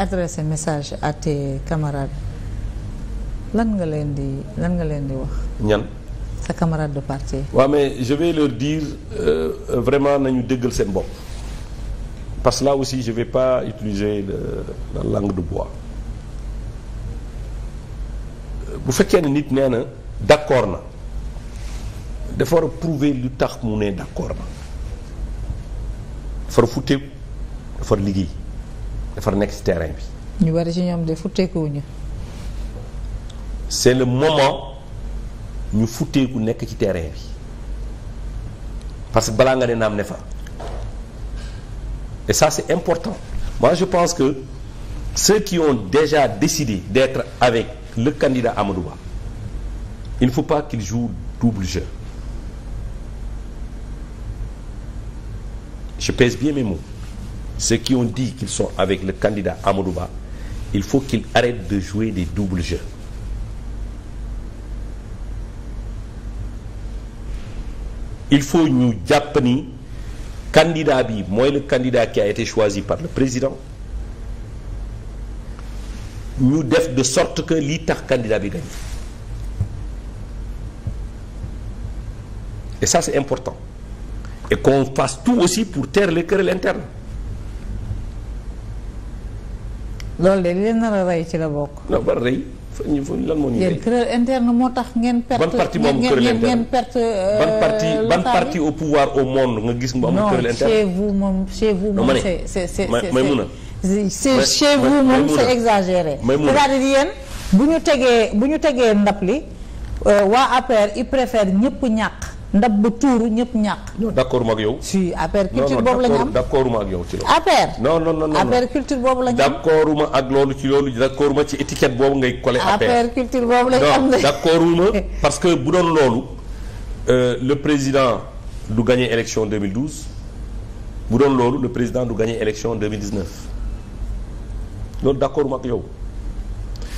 adressé message à tes camarades lan nga leen di lan nga leen di wax. ñan sa camarade de parti. waaw mais je vais leur dire euh, vraiment nañu déggal seen bopp parce que là aussi je vais pas utiliser le, la langue de bois bu fekkee ne nit nee na d'accord na dafa war prouver lu tax mu ne d'accord na dafa war futteeku dafa liggéey. dafa nekk ci terrain bi. ñu bari ci ñoom de futteeku ñu c'est le moment ñu futteeku nekk ci terrain bi parce que balaa nga ne am ne fa et ça c'est important moi je pense que ceux qui ont déjà décidé d'être avec le candidat Amadou Ba il faut pas qu'ils jour double jeu je pèse bien mes mots ceux qui ont dit qu'ils sont avec le candidat Amadou Ba il faut qu'ils arrêtent de jouer des doubles jeux il faut ñu jàpp ni candidat bi mooy le candidat qui a été choisi par le président ñu def de sorte que lii tax candidat bi gagne et ça c'est important et qu'on fasse tout aussi pour taire les querelles internes loolu de li leen nar a rey ci la bokk. non ba rey ñu lan moo ñu rey. querelle interne moo tax ngeen. perte ban parti moom querelle interne ngeen perte. Euh, ban parti ban parti au pouvoir au monde nga gis mu am. querelle interne non chez vous moom chez vous. moom c'est c'est c'est Maïmouna c'est chez vous moom c'est exagéré. Maïmouna c'est-à-dire yéen bu ñu tegee bu ñu tegee ndap li euh, waa APR ils préfèrent ñëpp ñàkk. ndab bu tuuru ñëpp ñàq. non d' ak yow. si affaire culture boobu la ñu am ak yow ci loolu. affaire non boobu la ñu am d' accord ma ak loolu ci loolu d' ci étiquette boobu ngay collé. affaire culture boobu la ñu ma parce que euh, bu doon loolu le président du gagné élection 2012 bu doon loolu le président du gagné élection 2019 loolu d' accord ma ak yow.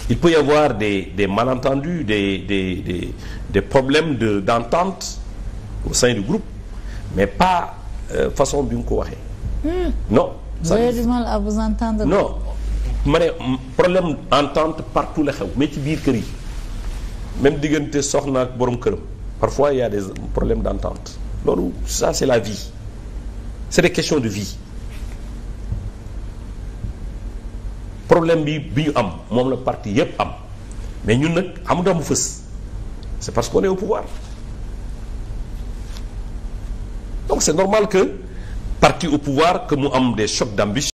il peut y avoir des des malentendus des des des des problèmes de d' entente. au sein du groupe mais pas euh, façon bi nga ko waxee. Hmm. non. ça vous avez du mal à vous entendre. non ma ne problème entente partout la xew mais ci biir kër yi même diggante soxna ak borom këram parfois il y a des problèmes d'entente loolu ça c'est la vie c'est des question de vie. problème bi bi ñu am moom la parti yépp am mais ñun nag am damu fës c'est parce que est au pouvoir c'est normal que parti au pouvoir que mu am des chocs d'ambition